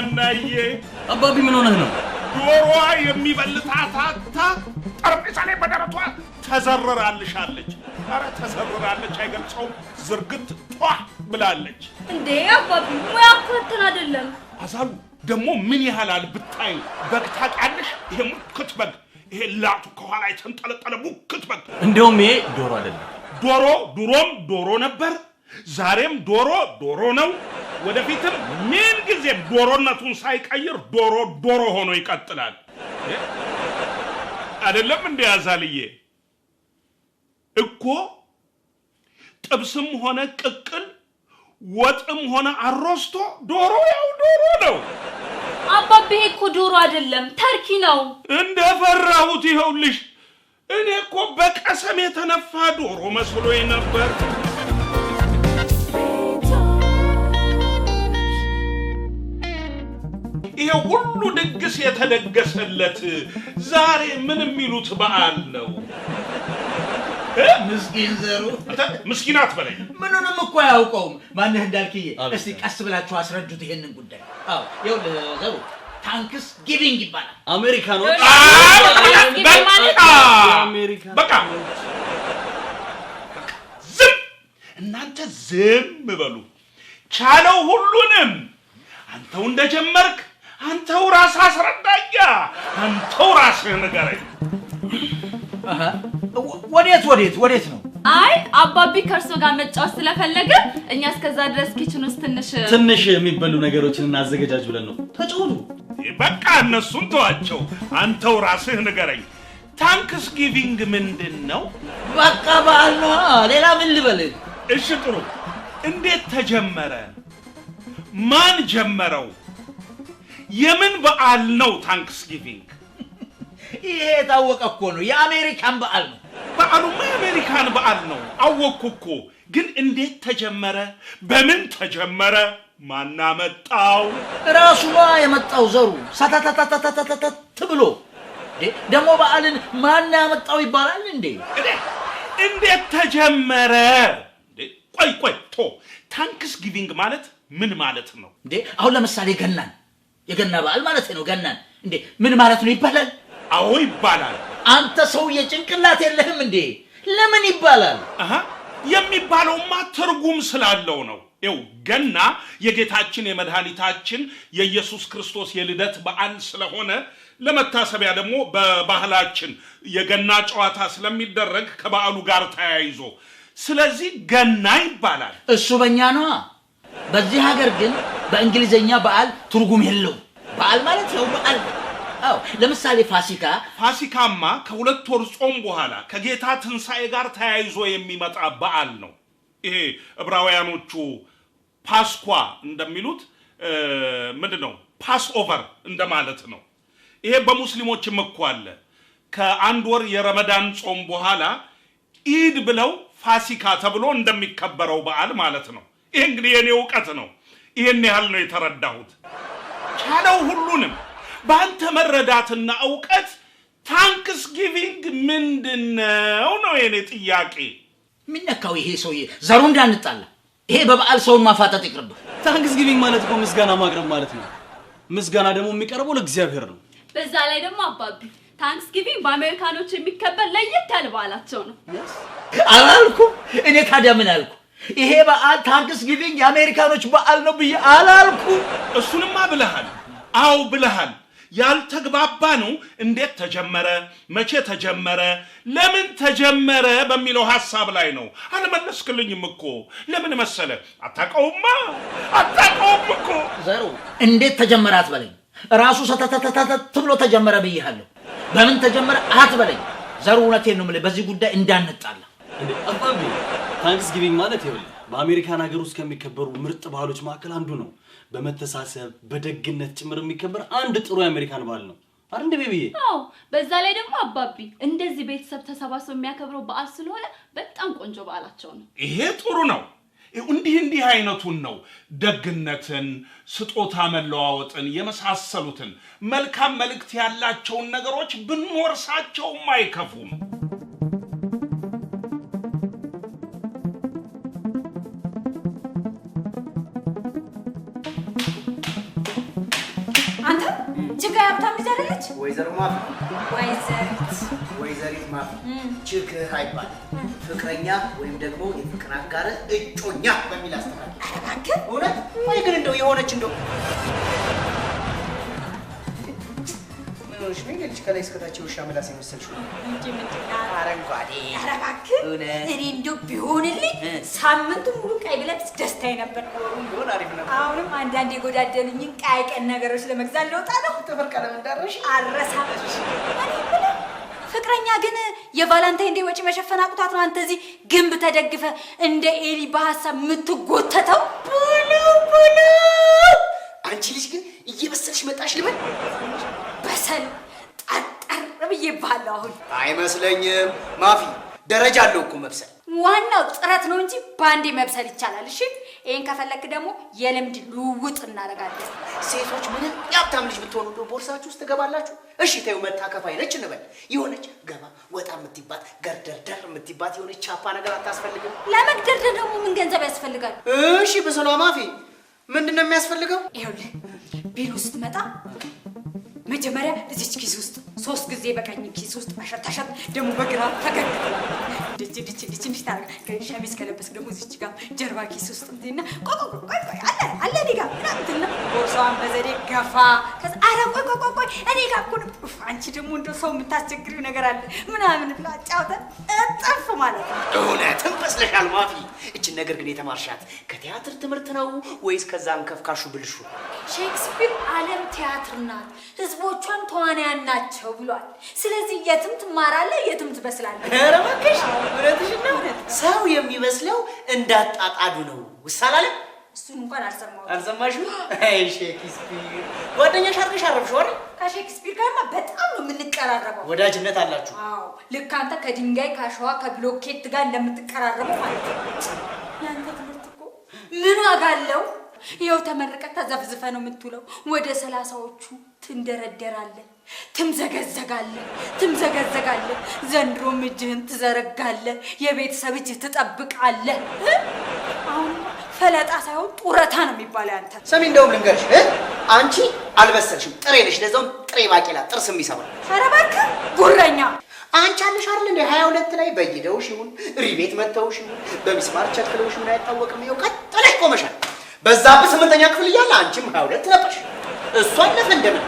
እናዬ አባቢ ምን ሆነህ ነው? ዶሯ የሚበልታት አታ ጠረጴዛ ላይ በደረቷ ተዘርራልሻለች። ኧረ ተዘርራለች፣ አይገልጸውም። ዝርግት ጧ ብላለች። እንዴ አባቢ ሙያ እኮ እንትን አይደለም። አዛሉ ደግሞ ምን ያህላል ብታይ። በግ ታውቂያለሽ? ይሄ ሙክት በግ፣ ይሄ ላቱ ከኋላ የተንጠለጠለ ሙክት በግ። እንደውም ይሄ ዶሮ አይደለም። ዶሮ ድሮም ዶሮ ነበር ዛሬም ዶሮ ዶሮ ነው። ወደፊትም ምን ጊዜም ዶሮነቱን ሳይቀይር ዶሮ ዶሮ ሆኖ ይቀጥላል። አይደለም እንደ ያዛልዬ እኮ ጥብስም ሆነ ቅቅል፣ ወጥም ሆነ አሮስቶ ዶሮ ያው ዶሮ ነው። አባቤ እኮ ዶሮ አይደለም ተርኪ ነው። እንደፈራሁት ይኸውልሽ፣ እኔ እኮ በቀሰም የተነፋ ዶሮ መስሎኝ ነበር። ሁሉ ድግስ የተደገሰለት ዛሬ ምን የሚሉት በዓል ነው? ምስኪን ዘሩ ምስኪናት በላይ ምንንም እኮ አያውቀውም። ማንህ እንዳልክዬ፣ እስቲ ቀስ ብላችሁ አስረዱት ይሄንን ጉዳይ። አዎ ዘሩ ታንክስ ጊቪንግ ይባላል። አሜሪካኖች በቃ ዝም እናንተ ዝም በሉ። ቻለው ሁሉንም አንተው እንደጀመርክ አንተው ራስህ አስረዳኛ። አንተው ራስህ ንገረኝ። ወዴት ወዴት ወዴት ነው? አይ አባቢ ከእርሶ ጋር መጫወት ስለፈለገ እኛ እስከዛ ድረስ ኪችን ውስጥ ትንሽ ትንሽ የሚበሉ ነገሮችን እናዘገጃጅ ብለን ነው። ተጫወቱ። በቃ እነሱን ተዋቸው። አንተው ራስህ ንገረኝ። ታንክስ ጊቪንግ ምንድን ነው? በቃ በዓል ነው። ሌላ ምን ልበል? እሺ ጥሩ። እንዴት ተጀመረ? ማን ጀመረው? የምን በዓል ነው ታንክስ ጊቪንግ? ይሄ የታወቀ እኮ ነው፣ የአሜሪካን በዓል ነው። በዓሉማ የአሜሪካን በዓል ነው። አወቅኩ እኮ። ግን እንዴት ተጀመረ? በምን ተጀመረ? ማናመጣው ራሱማ የመጣው ዘሩ ሰተተተተተተት ብሎ ደግሞ በዓልን ማናመጣው ይባላል እንዴ? እንዴት ተጀመረ? ቆይ ቆይ ቶ ታንክስ ጊቪንግ ማለት ምን ማለት ነው እንዴ? አሁን ለምሳሌ ገናን የገና በዓል ማለት ነው። ገናን እንዴ ምን ማለት ነው ይባላል? አዎ ይባላል። አንተ ሰውዬ ጭንቅላት የለህም እንዴ? ለምን ይባላል? የሚባለውማ ትርጉም ስላለው ነው። ይው ገና የጌታችን የመድኃኒታችን የኢየሱስ ክርስቶስ የልደት በዓል ስለሆነ ለመታሰቢያ ደግሞ በባህላችን የገና ጨዋታ ስለሚደረግ ከበዓሉ ጋር ተያይዞ ስለዚህ ገና ይባላል። እሱ በእኛ ነዋ በዚህ ሀገር ግን በእንግሊዘኛ በዓል ትርጉም የለው በዓል ማለት ነው በዓል አዎ። ለምሳሌ ፋሲካ ፋሲካማ ከሁለት ወር ጾም በኋላ ከጌታ ትንሣኤ ጋር ተያይዞ የሚመጣ በዓል ነው። ይሄ ዕብራውያኖቹ ፓስኳ እንደሚሉት ምንድን ነው ፓስ ኦቨር እንደማለት ነው። ይሄ በሙስሊሞችም እኮ አለ። ከአንድ ወር የረመዳን ጾም በኋላ ኢድ ብለው ፋሲካ ተብሎ እንደሚከበረው በዓል ማለት ነው። ይህ እንግዲህ የእኔ እውቀት ነው። ይህን ያህል ነው የተረዳሁት። ቻለው ሁሉንም በአንተ መረዳትና እውቀት ታንክስ ጊቪንግ ምንድን ነው ነው የእኔ ጥያቄ። የሚነካው ይሄ ሰውዬ ዘሩ እንዳንጣላ። ይሄ በበዓል ሰውን ማፋጠጥ ይቅርብ። ታንክስ ጊቪንግ ማለት እኮ ምስጋና ማቅረብ ማለት ነው። ምስጋና ደግሞ የሚቀርበው ለእግዚአብሔር ነው። በዛ ላይ ደግሞ አባቢ ታንክስ ጊቪንግ በአሜሪካኖች የሚከበር ለየት ያለ በዓላቸው ነው አላልኩ እኔ ታዲያ ምን አልኩ? ይሄ በዓል ታንክስ ጊቪንግ የአሜሪካኖች በዓል ነው ብዬ አላልኩ። እሱንማ ብለሃል። አው ብለሃል። ያልተግባባ ነው እንዴት ተጀመረ፣ መቼ ተጀመረ፣ ለምን ተጀመረ በሚለው ሀሳብ ላይ ነው። አልመለስክልኝም እኮ ለምን መሰለ? አታውቀውማ፣ አታውቀውም እኮ ዘሩ። እንዴት ተጀመረ አትበለኝ። ራሱ ሰተተተተት ብሎ ተጀመረ ብያለሁ። በምን ተጀመረ አትበለኝ ዘሩ። እውነቴን ነው የምልህ፣ በዚህ ጉዳይ እንዳንጣላ አባቢ ታንክስ ጊቪንግ ማለት ይኸውልህ በአሜሪካን ሀገር ውስጥ ከሚከበሩ ምርጥ ባህሎች መካከል አንዱ ነው። በመተሳሰብ በደግነት ጭምር የሚከበር አንድ ጥሩ የአሜሪካን ባህል ነው። አንድ ቤቢዬ። አዎ፣ በዛ ላይ ደግሞ አባቢ እንደዚህ ቤተሰብ ተሰባስበው የሚያከብረው በዓል ስለሆነ በጣም ቆንጆ በዓላቸው ነው። ይሄ ጥሩ ነው። እንዲህ እንዲህ አይነቱን ነው ደግነትን፣ ስጦታ መለዋወጥን የመሳሰሉትን መልካም መልእክት ያላቸውን ነገሮች ብንወርሳቸውም አይከፉም። ወይዘሪት ወይዘሮ ማፍ ወይዘሪት ወይዘሪት ማፍ ችግህ አይባል ፍቅረኛ ወይም ደግሞ የፍቅር አጋር እጮኛ በሚል አስተካክል። እውነት ወይ ግን እንደው የሆነች እንደው ሆነሽ ነው ልጅ ከላይ እስከታች ውሻ ምላስ የመሰልሽው አረንጓዴ። ኧረ እባክህ እኔ እንደው ቢሆንልኝ ሳምንቱን ሙሉ ቀይ ብለብስ ደስታዬ ነበር። አሁንም አንዳንድ የጎዳደሉኝን ቀያይ ቀን ነገሮች ለመግዛት ለወጣ ነው። ጥፍር ቀለም እንዳረሽ አረሳች። ፍቅረኛ ግን የቫላንታይን ዴይ ወጪ መሸፈን አቅቷት ነው አንተ እዚህ ግንብ ተደግፈ እንደ ኤሊ በሀሳብ የምትጎተተው። ቡሉ ቡሉ አንቺ ልጅ ግን እየበሰልሽ መጣሽ ልበል። በሰል ጠጠር ብዬ ባለሁ አሁን አይመስለኝም ማፊ ደረጃ አለው እኮ መብሰል። ዋናው ጥረት ነው እንጂ በአንዴ መብሰል ይቻላል። እሺ፣ ይሄን ከፈለክ ደግሞ የልምድ ልውውጥ እናደርጋለን። ሴቶች ምንም የሀብታም ልጅ ብትሆኑ እንደው ቦርሳችሁ ውስጥ ትገባላችሁ። እሺ፣ ተይው መታ ከፋይ ነች እንበል። የሆነች ገባ ወጣ የምትባት ገርደርደር የምትባት የሆነች ቻፓ ነገር አታስፈልግም። ለመግደርደር ደግሞ ምን ገንዘብ ያስፈልጋል? እሺ፣ በሰላ ማፊ ምንድን ነው የሚያስፈልገው? ይኸውልህ ቢሮ ስትመጣ መጀመሪያ ልጅ ኪስ ውስጥ ሶስት ጊዜ በቀኝ ኪስ ውስጥ መሸታሸት ደግሞ በግራ ተገድ ድች ድች ድች እንዲህ ታደርግ ሸሚዝ ከለበስክ ደግሞ እዚች ጋር ጀርባ ኪስ ውስጥ እንትና ቆይ ቆይ አለ አለ ዲጋ ጋር ምናምትና ቦርሳዋን በዘዴ ገፋ ከዛ አረ ቆይ ቆይ ቆይ ቆይ እኔ ጋር እኮ አንቺ ደግሞ እንደ ሰው የምታስቸግሪው ነገር አለ ምናምን ብላ አጫውተን እጠፍ ማለት ነው። እውነትም መስለሻል ማፊ። እችን ነገር ግን የተማርሻት ከቲያትር ትምህርት ነው ወይስ ከዛ ከፍካሹ ብልሹ? ሼክስፒር ዓለም ቲያትር ናት፣ ህዝቦቿም ተዋንያን ናቸው። ናቸው ብሏል። ስለዚህ የትም ትማራለህ፣ የትም ትበስላለህ። ኧረ እባክሽ እውነትሽን ነው። ሰው የሚበስለው እንዳጣጣዱ ነው። ውሳላለ እሱን እንኳን አልሰማሁትም። አልሰማሽም? አይ ሼክስፒር ጓደኛሽ አድርገሽ አረፍሽው አይደል? ከሼክስፒር ጋርማ በጣም ነው የምንቀራረበው። ወዳጅነት አላችሁ? አዎ፣ ልክ አንተ ከድንጋይ ከአሸዋ ከብሎኬት ጋር እንደምትቀራረቡ ማለት ነው። ያንተ ትምህርት እኮ ምን ዋጋ አለው? ይኸው ተመርቀህ ተዘፍዝፈህ ነው የምትውለው። ወደ ሰላሳዎቹ ትንደረደራለህ። ትምዘገዘጋለህ ትምዘገዘጋለህ። ዘንድሮም እጅህን ትዘረጋለህ፣ የቤተሰብ እጅህ ትጠብቃለህ። አሁን ፈለጣ ሳይሆን ጡረታ ነው የሚባለው። ያንተ ሰሚ፣ እንደውም ልንገርሽ፣ አንቺ አልበሰልሽም፣ ጥሬ ነሽ። ለዛውም ጥሬ ባቄላ ጥርስ ኧረ እባክህ ጉረኛ አንቺ አለሽ አይደል ሀያ ሁለት ላይ በይደውሽ ይሁን ሪቤት መተውሽ ይሁን በሚስማር ቸክለውሽ አይታወቅም። ይኸው ቀጥለሽ ቆመሻል። በዛብህ ስምንተኛ ክፍል እያለ አንቺም ሀያ ሁለት ነበርሽ። እሱ አለፈ እንደምን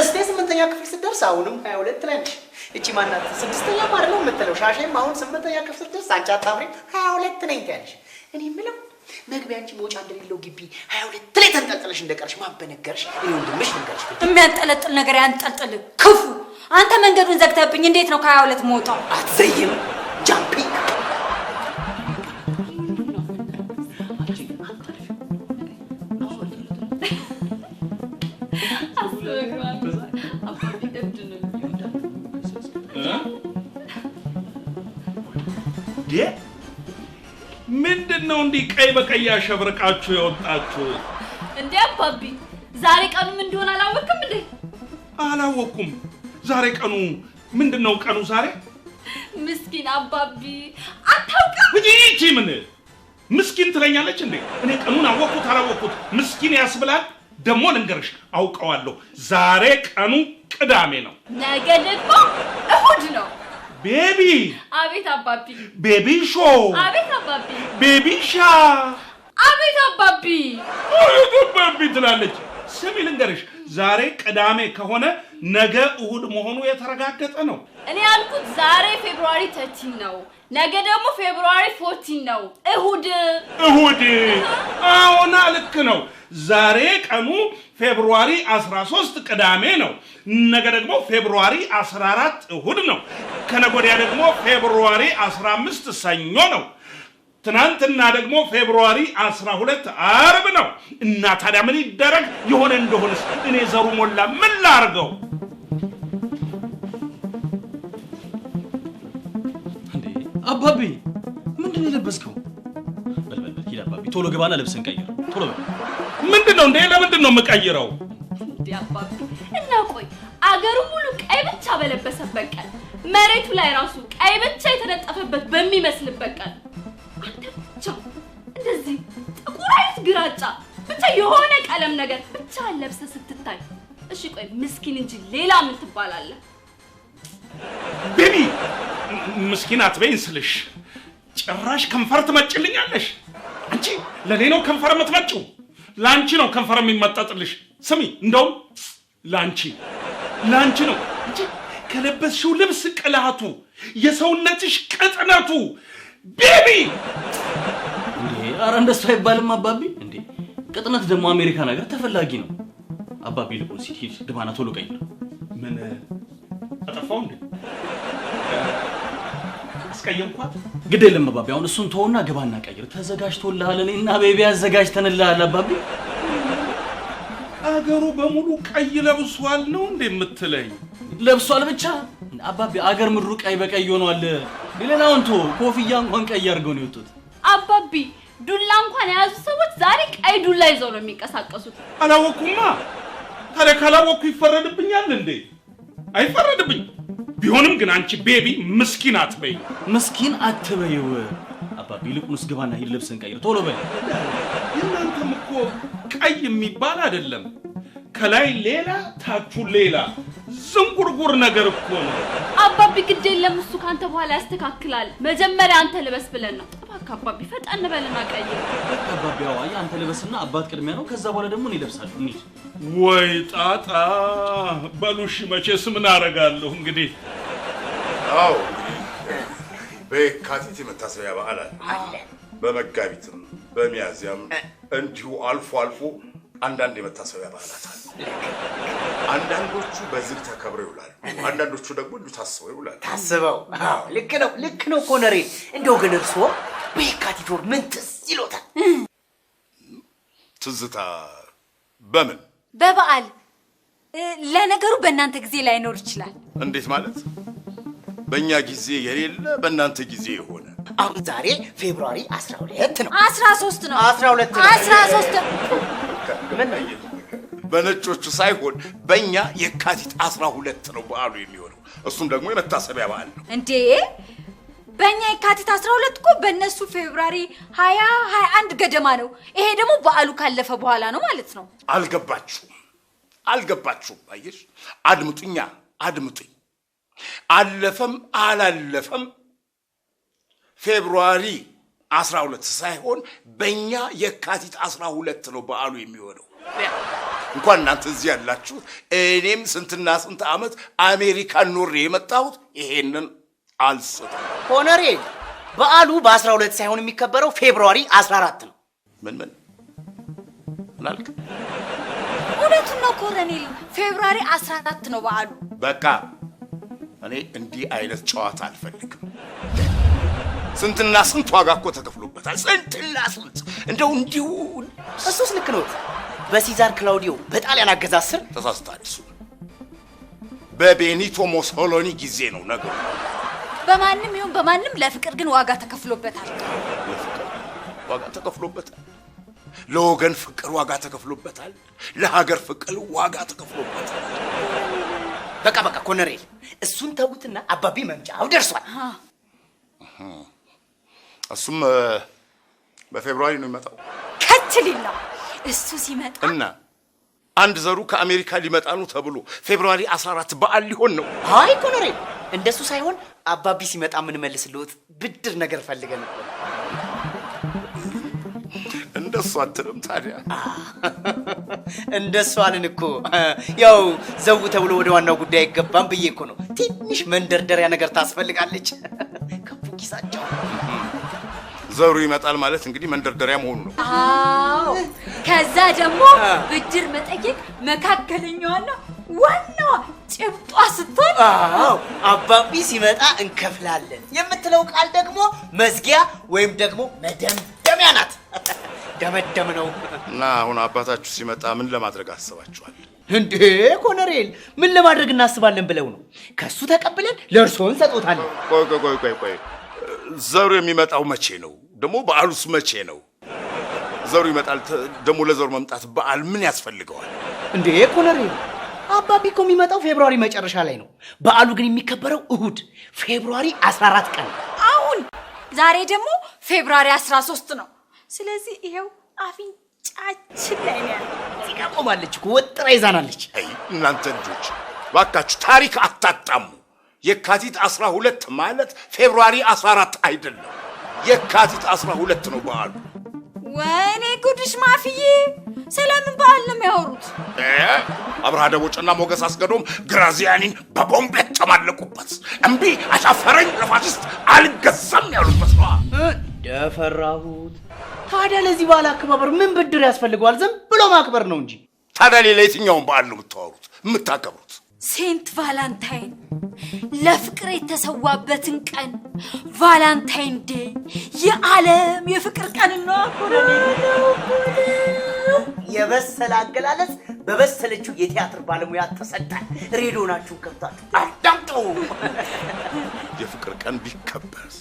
እርስቴ ስምንተኛ ክፍል ስደርስ አሁንም ሀያ ሁለት ላይ ነሽ። እቺ ማናት ስድስተኛ ማር ነው የምትለው ሻሼም አሁን ስምንተኛ ክፍል ስደርስ አንቺ አታምሪም ሀያ ሁለት ነኝ ትያለሽ። እኔ የምለው መግቢያ አንቺ መውጫ እንደሌለው ግቢ ሀያ ሁለት ላይ ተንጠልጥለሽ እንደቀርሽ ማን በነገርሽ? እኔ ወንድምሽ ነገርሽ። የሚያንጠለጥል ነገር ያንጠልጥል። ክፉ አንተ መንገዱን ዘግተብኝ እንዴት ነው ከሀያ ሁለት መውጣው? አትዘይም ጃምፒንግ እንዴ ምንድን ነው እንዲህ ቀይ በቀይ ያሸብርቃችሁ የወጣችሁት? እንዴ አባቢ ዛሬ ቀኑ ምን እንደሆነ አላወቅም እንዴ? አላወቅኩም። ዛሬ ቀኑ ምንድን ነው? ቀኑ ዛሬ ምስኪን አባቢ አታውቅም። ይቺ ምን ምስኪን ትለኛለች እንዴ? እኔ ቀኑን አወቅኩት አላወቅኩት ምስኪን ያስብላል። ደግሞ ልንገርሽ፣ አውቀዋለሁ። ዛሬ ቀኑ ቅዳሜ ነው። ነገ ደግሞ እሁድ ነው። ቤቢ አቤት አባቢ ቤቢ ሾ አቤት አባቢ ቤቢ ሻ አቤት አባቢ አቤት አባቢ ትላለች። ስሚ ልንገርሽ፣ ዛሬ ቅዳሜ ከሆነ ነገ እሁድ መሆኑ የተረጋገጠ ነው። እኔ ያልኩት ዛሬ ፌብሩዋሪ ተርቲን ነው፣ ነገ ደግሞ ፌብሩዋሪ ፎርቲን ነው። እሁድ እሁድ። አዎና ልክ ነው። ዛሬ ቀኑ ፌብሩዋሪ 13 ቅዳሜ ነው። ነገ ደግሞ ፌብሩዋሪ 14 እሁድ ነው። ከነጎዲያ ደግሞ ፌብሩዋሪ 15 ሰኞ ነው። ትናንትና ደግሞ ፌብሩዋሪ 12 አርብ ነው። እና ታዲያ ምን ይደረግ የሆነ እንደሆንስ እኔ ዘሩ ሞላ ምን ላርገው? ምንድን የለበስከው? ሂድ ቶሎ ግባና ልብስን ቀይር ቶሎ በል ምንድን ነው እንዴ? ለምንድን ነው የምቀይረው? እና ቆይ አገሩ ሙሉ ቀይ ብቻ በለበሰበት ቀን መሬቱ ላይ ራሱ ቀይ ብቻ የተነጠፈበት በሚመስልበት ቀን አንተ ብቻ እንደዚህ ጥቁር አይነት ግራጫ ብቻ የሆነ ቀለም ነገር ብቻ ለብሰ ስትታይ፣ እሺ ቆይ ምስኪን እንጂ ሌላ ምን ትባላለህ? ቤቢ ምስኪን አትበይን ስልሽ ጭራሽ ከንፈር ትመጭልኛለሽ። አንቺ ለኔ ነው ከንፈር የምትመጪው። ላንቺ ነው ከንፈር የሚመጣጥልሽ። ስሚ፣ እንደውም ላንቺ ላንቺ ነው እንጂ ከለበስሽው ልብስ ቅላቱ፣ የሰውነትሽ ቅጥነቱ ቤቢ። አረ እንደሱ አይባልም አባቢ። እንዴ ቅጥነት ደግሞ አሜሪካ ነገር ተፈላጊ ነው አባቢ። ልቁን ሲል ድባና ቶሎ ቀኝ ነው ምን አጠፋው እንዴ? ካስቀየምኳት ግድ የለም አባቢ። አሁን እሱን ተወና ግባና ቀይር። ተዘጋጅቶልሃል። እኔ እና ቤቢ አዘጋጅተንልሃል አባቢ። አገሩ በሙሉ ቀይ ለብሷል ነው እንዴ የምትለኝ? ለብሷል ብቻ አባቢ። አገር ምድሩ ቀይ በቀይ ሆኗል። ሌላውን ተወው። ኮፍያ እንኳን ቀይ አድርገው ነው የወጡት አባቢ። ዱላ እንኳን የያዙ ሰዎች ዛሬ ቀይ ዱላ ይዘው ነው የሚንቀሳቀሱት። አላወቅኩማ። ታዲያ ካላወቅኩ ይፈረድብኛል እንዴ? አይፈረድብኝ ቢሆንም ግን አንቺ ቤቢ ምስኪን አትበይ፣ ምስኪን አትበይው። አባቢ ይልቁንስ ግባና ሂድ፣ ልብስን ቀይር፣ ቶሎ በል። እናንተም እኮ ቀይ የሚባል አይደለም፣ ከላይ ሌላ ታቹ ሌላ ዝንጉርጉር ነገር እኮ ነው። አባቢ ግድ የለም እሱ ከአንተ በኋላ ያስተካክላል። መጀመሪያ አንተ ልበስ ብለን ነው። እባክህ አባቢ ፈጠን በልና ቀይር። አባቢ አዋይ፣ አንተ ልበስና አባት ቅድሚያ ነው። ከዛ በኋላ ደግሞ እኔ እለብሳለሁ። እንሂድ። ወይ ጣጣ በሉሽ። መቼስ ምን አደርጋለሁ እንግዲህ። አዎ በየካቲት የመታሰቢያ በዓል አለ፣ በመጋቢትም በሚያዚያም እንዲሁ አልፎ አልፎ አንዳንድ የመታሰቢያ በዓላት አሉ። አንዳንዶቹ በዝግ ተከብረው ይውላሉ። አንዳንዶቹ ደግሞ እንዲሁ ታስበው ይውላሉ። ታስበው ልክ ነው፣ ልክ ነው ኮነሬ። እንደው ግን እርስዎ በየካቲት ወር ምን ትዝ ይሎታል? ትዝታ በምን በበዓል? ለነገሩ በእናንተ ጊዜ ላይኖር ይችላል። እንዴት ማለት? በእኛ ጊዜ የሌለ በእናንተ ጊዜ የሆነ አሁን ዛሬ ፌብሯሪ 12 ነው፣ 13 ነው፣ 12 ነው፣ 13 በነጮቹ ሳይሆን በእኛ የካቲት 12 ነው በዓሉ የሚሆነው። እሱም ደግሞ የመታሰቢያ በዓል ነው እንዴ? በእኛ የካቲት 12 እኮ በእነሱ ፌብራሪ 20 21 ገደማ ነው። ይሄ ደግሞ በዓሉ ካለፈ በኋላ ነው ማለት ነው። አልገባችሁም? አልገባችሁም? አየሽ፣ አድምጡኛ፣ አድምጡኝ። አለፈም አላለፈም ፌብሩዋሪ 12 ሳይሆን በእኛ የካቲት 12 ነው በዓሉ የሚሆነው። እንኳን እናንተ እዚህ ያላችሁት እኔም ስንትና ስንት ዓመት አሜሪካን ኖሬ የመጣሁት ይሄንን አልስተ ሆነሬ በዓሉ በ12 ሳይሆን የሚከበረው ፌብሩዋሪ 14 ነው። ምን ምን ምናልክ? እውነቱን ነው ኮሎኔል፣ ፌብሩዋሪ 14 ነው በዓሉ። በቃ እኔ እንዲህ አይነት ጨዋታ አልፈልግም። ስንትና ስንት ዋጋ እኮ ተከፍሎበታል። ስንትና ስንት እንደው እንዲሁ እሱስ ልክ ነው። በሲዛር ክላውዲዮ በጣሊያን አገዛዝ ስር ተሳስተሃል። እሱ በቤኒቶ ሞሶሎኒ ጊዜ ነው ነገሩ። በማንም ይሁን በማንም ለፍቅር ግን ዋጋ ተከፍሎበታል። ዋጋ ተከፍሎበታል። ለወገን ፍቅር ዋጋ ተከፍሎበታል። ለሀገር ፍቅር ዋጋ ተከፍሎበታል። በቃ በቃ ኮነሬል፣ እሱን ተውትና አባቢ መምጫው ደርሷል። እሱም በፌብሩዋሪ ነው የሚመጣው። ከትሊላ እሱ ሲመጣ እና አንድ ዘሩ ከአሜሪካ ሊመጣ ነው ተብሎ ፌብሩዋሪ 14 በዓል ሊሆን ነው። አይ ኮኖሬ፣ እንደሱ ሳይሆን አባቢ ሲመጣ የምንመልስልዎት ብድር ነገር ፈልገን እኮ እንደሱ አትልም ታዲያ? እንደሱ አልን እኮ ያው ዘው ተብሎ ወደ ዋናው ጉዳይ አይገባም ብዬ እኮ ነው። ትንሽ መንደርደሪያ ነገር ታስፈልጋለች ከቡ ኪሳቸው ዘሩ ይመጣል ማለት እንግዲህ መንደርደሪያ መሆኑ ነው። አዎ ከዛ ደግሞ ብድር መጠየቅ መካከለኛዋና ዋናዋ ጭብጧ ስትሆን፣ አዎ አባቢ ሲመጣ እንከፍላለን የምትለው ቃል ደግሞ መዝጊያ ወይም ደግሞ መደምደሚያ ናት። ደመደም ነው እና አሁን አባታችሁ ሲመጣ ምን ለማድረግ አስባችኋል? እንዴ ኮነሬል፣ ምን ለማድረግ እናስባለን ብለው ነው? ከሱ ተቀብለን ለእርስዎ እንሰጦታለን። ቆይ ቆይ ቆይ ቆይ፣ ዘሩ የሚመጣው መቼ ነው? ደግሞ በዓሉስ መቼ ነው? ዘሩ ይመጣል። ደግሞ ለዘሩ መምጣት በዓል ምን ያስፈልገዋል እንዴ? ኮነሬ አባቢ እኮ የሚመጣው ፌብሩዋሪ መጨረሻ ላይ ነው። በዓሉ ግን የሚከበረው እሁድ ፌብሩዋሪ 14 ቀን። አሁን ዛሬ ደግሞ ፌብሩዋሪ 13 ነው። ስለዚህ ይሄው አፍንጫችን ላይ ነው ያለው። እዚህ ቆማለች ወጥራ ይዛናለች። እናንተ ልጆች ባካችሁ ታሪክ አታጣሙ። የካቲት 12 ማለት ፌብሩዋሪ 14 አይደለም። የካቲት 12 ነው በዓሉ። ወይኔ ጉድሽ ማፍዬ፣ ስለምን በዓል ነው የሚያወሩት? አብርሃ ደቦጭና ሞገስ አስገዶም ግራዚያኒን በቦምብ ያጨማለቁበት እምቢ አሻፈረኝ ለፋሽስት አልገዛም ያሉበት ነዋ። ደፈራሁት። ታዲያ ለዚህ በዓል አከባበር ምን ብድር ያስፈልገዋል? ዝም ብሎ ማክበር ነው እንጂ። ታዲያ ሌላ የትኛውን በዓል ነው የምታወሩት የምታከብሩት? ሴንት ቫላንታይን ለፍቅር የተሰዋበትን ቀን ቫላንታይን ዴይ የዓለም የፍቅር ቀን የበሰለ አገላለጽ በበሰለችው የቲያትር ባለሙያ ተሰጣል። ሬዲዮናችሁን ከብታችሁ አዳምጡ። የፍቅር ቀን ቢከበርስ?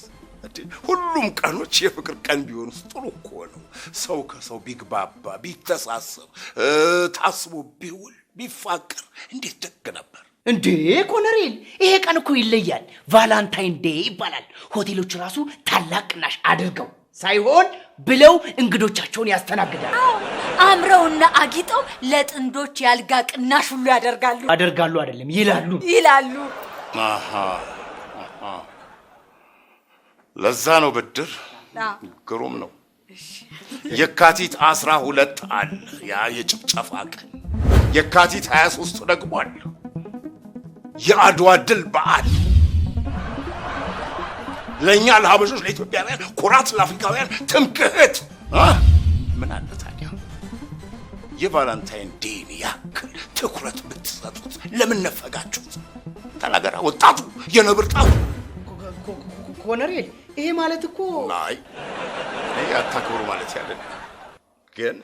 ሁሉም ቀኖች የፍቅር ቀን ቢሆኑስ ጥሩ እኮ ነው። ሰው ከሰው ቢግባባ ቢተሳሰብ ታስቦ ቢውል ቢፋቀር እንዴት ደግ ነበር እንዴ ኮነሬል ይሄ ቀን እኮ ይለያል። ቫላንታይን ዴ ይባላል። ሆቴሎች ራሱ ታላቅ ቅናሽ አድርገው ሳይሆን ብለው እንግዶቻቸውን ያስተናግዳል። አምረውና አጊጠው ለጥንዶች ያልጋ ቅናሽ ሁሉ ያደርጋሉ። አደርጋሉ አይደለም ይላሉ ይላሉ። ለዛ ነው ብድር ግሩም ነው። የካቲት አስራ ሁለት አለ ያ የጭፍጨፋ ቀን የካቲት 23 ደግሞ አለ የአድዋ ድል በዓል ለእኛ ለሀበሾች ለኢትዮጵያውያን ኩራት፣ ለአፍሪካውያን ትምክህት። ምን አለ ታዲያ የቫላንታይን ዴን ያክል ትኩረት ብትሰጡት ለምን ነፈጋችሁት? ተናገራ ወጣቱ የነብር ጣቱ ኮነሬል፣ ይሄ ማለት እኮ አይ አታክብሩ ማለት ያለን ግን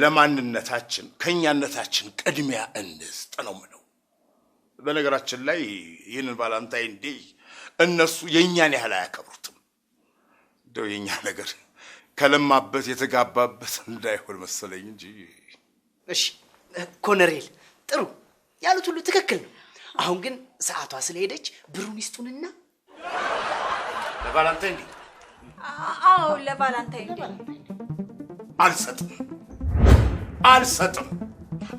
ለማንነታችን ከእኛነታችን ቅድሚያ እንስጥ ነው ምለው። በነገራችን ላይ ይህንን ባላንታይ ዴይ እነሱ የእኛን ያህል አያከብሩትም። እንደው የእኛ ነገር ከለማበት የተጋባበት እንዳይሆን መሰለኝ እንጂ። እሺ ኮነሬል ጥሩ ያሉት ሁሉ ትክክል ነው። አሁን ግን ሰዓቷ ስለሄደች ብሩን ይስጡንና ለቫላንታይን ዴይ። አዎ ለቫላንታይን ዴይ አልሰጥም አልሰጥም።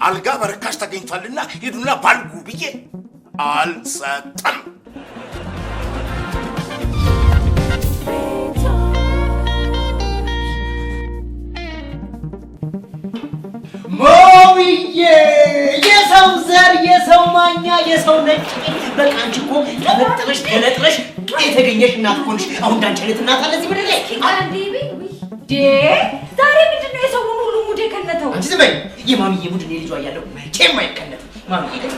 አልጋ በርካሽ ተገኝቷልና ሂዱና ባልጉ ብዬ አልሰጥም። ሞብዬ የሰው ዘር የሰው ማኛ የሰው ነጭ በቃ አንቺ እኮ ተበጥበሽ ተለጥበሽ የተገኘሽ እናት እኮ አሁን ዳንቺ አይነት እናት አለ እዚህ ምድር ላይ ዛሬ ምንድን ነው የሰውን ሁሉ ሙድ የከነተው? አንቺ ዝም በይ። የማሚዬ ሙድ እኔ ልጇ እያለሁ መቼም አይከነትም። ማሚዬ ውጪ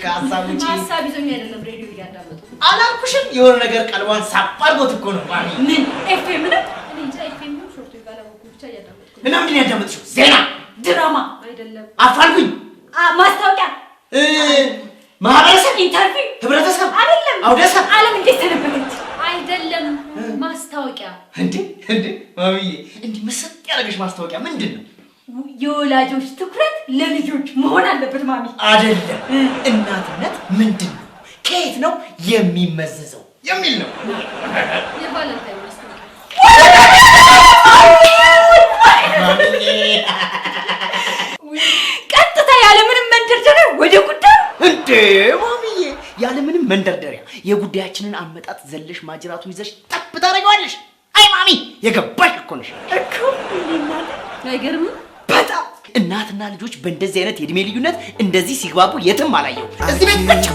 ከሀሳብ ውጪ ሀሳብ ይዞኝ አይደለም ሬዲዮ እያዳመጡ አላልኩሽም? የሆነ ነገር ቀልቧን ሳብ አድርጎት እኮ ነው ማሚ። ምን ኤፍ ኤም ነው እና ምንድን ያዳመጥሽው? ዜና፣ ድራማ አይደለም አፋልጉኝ፣ ማስታወቂያ፣ ማህበረሰብ፣ ኢንተርቪው፣ ህብረተሰብ አይደለም አውደሰብ፣ አለም እንዴት ተነበበች? አይደለም ማስታወቂያ እንዴ እንዴ ማሚዬ እንዲህ ምስጥ ያደረገሽ ማስታወቂያ ምንድን ነው? የወላጆች ትኩረት ለልጆች መሆን አለበት ማሚ። አይደለም እናትነት ምንድን ነው፣ ከየት ነው የሚመዘዘው የሚል ነው። ቀጥታ ያለምንም መንደርደሪያ ወደ ጉዳዩ እንዴ ማሚዬ፣ ያለምንም መንደርደሪያ የጉዳያችንን አመጣጥ ዘለሽ ማጅራቱን ይዘሽ ጠብ ታደርጊዋለሽ። አይ ማሚ የገባሽ እኮ ነሽ እኮ አይገርምም? በጣም እናትና ልጆች በእንደዚህ አይነት የእድሜ ልዩነት እንደዚህ ሲግባቡ የትም አላየው። እዚህ ቤት ብቻ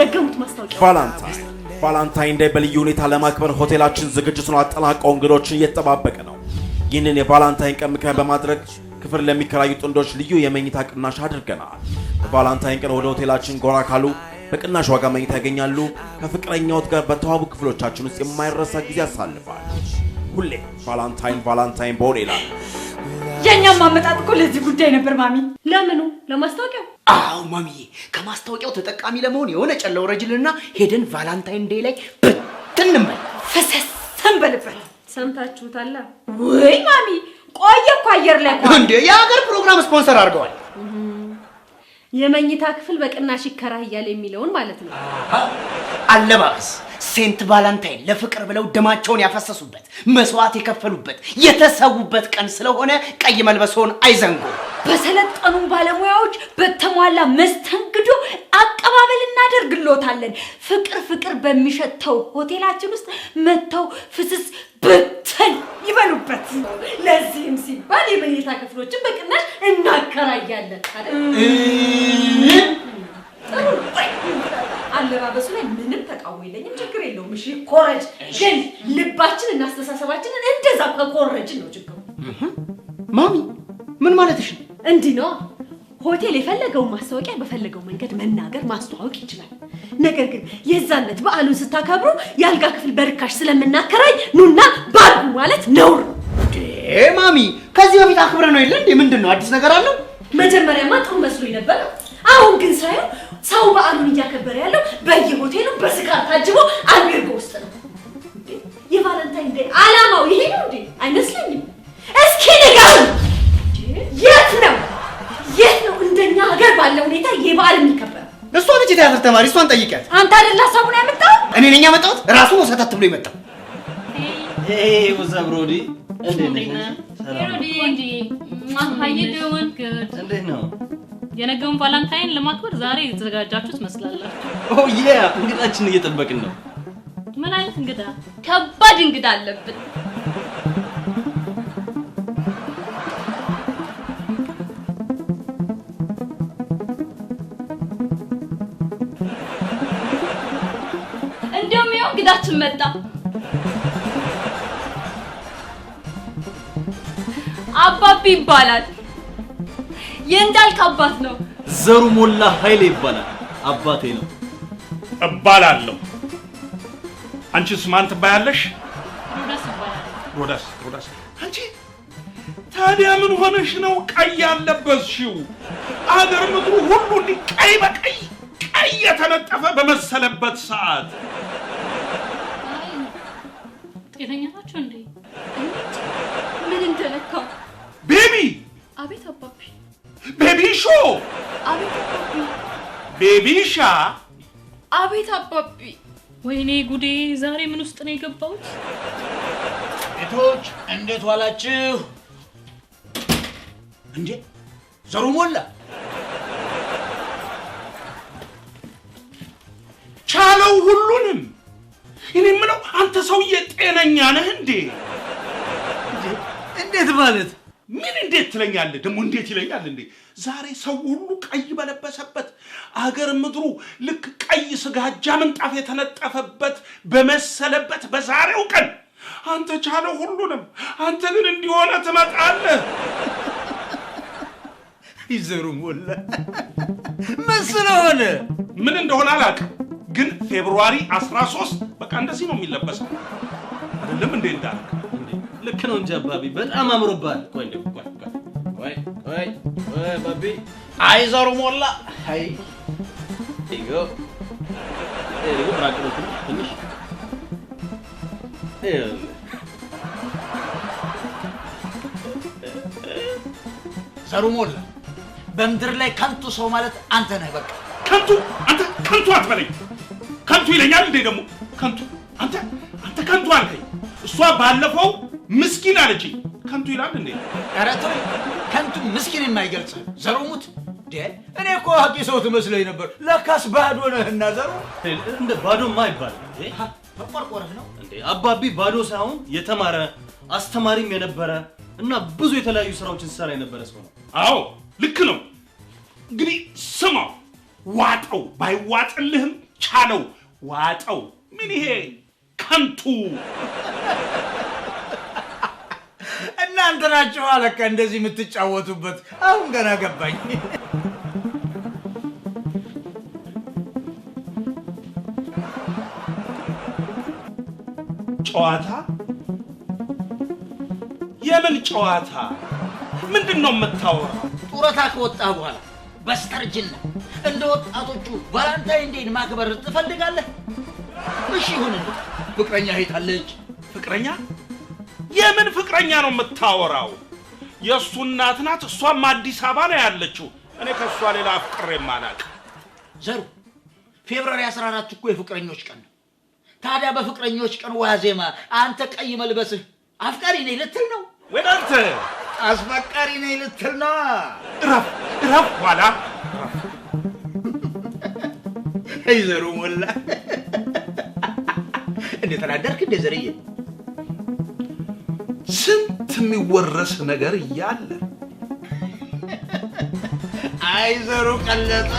ደገሙት። ማስታወቂያ ቫላንታይን ቫላንታይን ዴይ በልዩ ሁኔታ ለማክበር ሆቴላችን ዝግጅቱን አጠናቀው እንግዶችን እየተጠባበቀ ነው። ይህንን የቫላንታይን ቀን ምክንያት በማድረግ ክፍል ለሚከራዩ ጥንዶች ልዩ የመኝታ ቅናሽ አድርገናል። በቫላንታይን ቀን ወደ ሆቴላችን ጎራ ካሉ በቅናሽ ዋጋ መኝታ ያገኛሉ። ከፍቅረኛዎት ጋር በተዋቡ ክፍሎቻችን ውስጥ የማይረሳ ጊዜ ያሳልፋል። ሁሌ ቫላንታይን ቫላንታይን በሆን ይላል። የእኛም ማመጣጥ እኮ ለዚህ ጉዳይ ነበር ማሚ። ለምኑ? ለማስታወቂያው። አዎ ማሚዬ፣ ከማስታወቂያው ተጠቃሚ ለመሆን የሆነ ጨለው ረጅልና ሄደን ቫላንታይን ዴይ ላይ ብትንመል ፈሰሰን በልበት። ሰምታችሁታላ ወይ ማሚ? ቆየ እኮ አየር ላይ እንዴ! የሀገር ፕሮግራም ስፖንሰር አድርገዋል። የመኝታ ክፍል በቅናሽ ይከራያል የሚለውን ማለት ነው። አለባበስ ሴንት ቫላንታይን ለፍቅር ብለው ደማቸውን ያፈሰሱበት መስዋዕት የከፈሉበት የተሰዉበት ቀን ስለሆነ ቀይ መልበሶን አይዘንጉ። በሰለጠኑ ባለሙያዎች በተሟላ መስተንግዶ አቀባበል እናደርግሎታለን። ፍቅር ፍቅር በሚሸተው ሆቴላችን ውስጥ መጥተው ፍስስ ብትን ይበሉበት። ለዚህም ሲባል የመኝታ ክፍሎችን በቅናሽ እናከራያለን። አለባበሱ ላይ ምንም ተቃውሞ የለኝም። እሺ ኮረጅ፣ ግን ልባችን እና አስተሳሰባችንን እንደዛ ከኮረጅን ነው ችግሩ። ማሚ ምን ማለትሽ ነው? እንዲህ ነው ሆቴል የፈለገውን ማስታወቂያ በፈለገው መንገድ መናገር ማስተዋወቅ ይችላል። ነገር ግን የዛነት በዓሉን ስታከብሩ የአልጋ ክፍል በርካሽ ስለምናከራይ ኑና ባርጉ ማለት ነውር ነው። ማሚ ከዚህ በፊት አክብረ ነው የለ እንዴ? ምንድን ነው አዲስ ነገር አለው? መጀመሪያማ ጥሩ መስሎኝ ነበረ። አሁን ግን ሳየው ሰው በዓሉን እያከበረ ያለው በየሆቴሉ በስካር ታጅቦ አልቤርጎ ውስጥ ነው። የቫለንታይን ዴይ አላማው ይሄ ነው እንዴ? አይመስለኝም። እስኪ ንገሩን፣ የት ነው የት ነው እንደኛ ሀገር ባለ ሁኔታ የበዓል የሚከበር? እሷ ልጅ የትያትር ተማሪ፣ እሷን ጠይቂያት። አንተ አይደል ሀሳቡን ያመጣው? እኔ ነኝ ያመጣሁት። ራሱ ሰተት ብሎ የመጣው ብሮዲ እንዴት ነው የነገውን ቫላንታይን ለማክበር ዛሬ የተዘጋጃችሁ ትመስላላችሁ። ኦ ያ እንግዳችን እየጠበቅን ነው። ምን አይነት እንግዳ? ከባድ እንግዳ አለብን። እንዲሁም ይኸው እንግዳችን መጣ። አባቢ ይባላል። የእንዳልክ አባት ነው። ዘሩ ሞላ ኃይሌ ይባላል። አባቴ ነው እባላለሁ። አንቺስ ማን ትባያለሽ? ሮዳስ ሮዳስ አንቺ ታዲያ ምን ሆነሽ ነው ቀይ ያለበስሽው? አገር ምድሩ ሁሉ እንዲህ ቀይ በቀይ ቀይ የተነጠፈ በመሰለበት ሰዓት ጤነኛ ናቸው እንዴ? ምን ቤቢ። አቤት አባቢ ቤቢሾ! ቤቢሻ! አቤት አባቢ። ወይኔ ጉዴ! ዛሬ ምን ውስጥ ነው የገባሁት? ቤቶች እንዴት ዋላችሁ? እንዴ ዘሩ ሞላ ቻለው ሁሉንም። እኔ የምለው አንተ ሰውዬ ጤነኛ ነህ እንዴ? እንዴት ማለት ምን እንዴት ትለኛለ? ደግሞ እንዴት ይለኛል እንዴ? ዛሬ ሰው ሁሉ ቀይ በለበሰበት አገር ምድሩ ልክ ቀይ ስጋጃ ምንጣፍ የተነጠፈበት በመሰለበት በዛሬው ቀን አንተ ቻለ ሁሉንም፣ አንተ ግን እንዲሆነ ትመጣለህ። ይዘሩ ሞለ ሞላ መስለሆነ ምን እንደሆነ አላውቅም፣ ግን ፌብሩዋሪ 13 በቃ እንደዚህ ነው የሚለበሰው አይደለም እንዴ እንዳልክ ልክ ነው እንጂ አባቢ በጣም አምሮብሃል። ቆይ ቆይ ቆይ ቆይ ቆይ ባቢ አይዘሩ ሞላ አይ ይጎ ይጎ ብራቀሩት ትንሽ ዘሩ ሞላ በምድር ላይ ከንቱ ሰው ማለት አንተ ነህ። በቃ ከንቱ አንተ ከንቱ አትበለኝ። ከንቱ ይለኛል እንዴ ደግሞ ከንቱ አንተ አንተ ከንቱ አልከኝ። እሷ ባለፈው ምስኪን አለች። ከንቱ ይላል እንዴ? ኧረ ተው፣ ከንቱ ምስኪን የማይገልጽ ዘሮሙት እኔ እኮ ሀቂ ሰው ትመስለኝ ነበር። ለካስ ባዶ ነህና ዘሩ። እንደ ባዶማ ይባላል ተቆርቆረህ ነው እንዴ? አባቢ ባዶ ሳይሆን የተማረ አስተማሪም የነበረ እና ብዙ የተለያዩ ስራዎችን ሲሰራ የነበረ ሰው ነው። አዎ ልክ ነው። እንግዲህ ስማ፣ ዋጠው ባይዋጥልህም ቻለው ዋጠው። ምን ይሄ ከንቱ እናንተ ናችሁ አለቃ እንደዚህ የምትጫወቱበት። አሁን ገና ገባኝ። ጨዋታ? የምን ጨዋታ? ምንድን ነው የምታወራው? ጡረታ ከወጣ በኋላ በስተርጅና እንደ ወጣቶቹ ቫላንታይን ዴይን ማክበር ትፈልጋለህ? እሺ ይሁን። ፍቅረኛ ሄታለች። ፍቅረኛ? የምን ፍቅረኛ ነው የምታወራው? የእሱ እናት ናት። እሷም አዲስ አበባ ነው ያለችው። እኔ ከእሷ ሌላ አፍቅሬ ማላቅ። ዘሩ ፌብራሪ 14 እኮ የፍቅረኞች ቀን ነው። ታዲያ በፍቅረኞች ቀን ዋዜማ አንተ ቀይ መልበስህ አፍቃሪ ነኝ ልትል ነው? ወዳንተ አስፈቃሪ ነኝ ልትል ነው? እረፍ እረፍ፣ ኋላ ይዘሩ ሞላ እንደተናደርክ እንደ ዘርዬ ስንት የሚወረስ ነገር እያለ አይዘሩ ቀለጠ።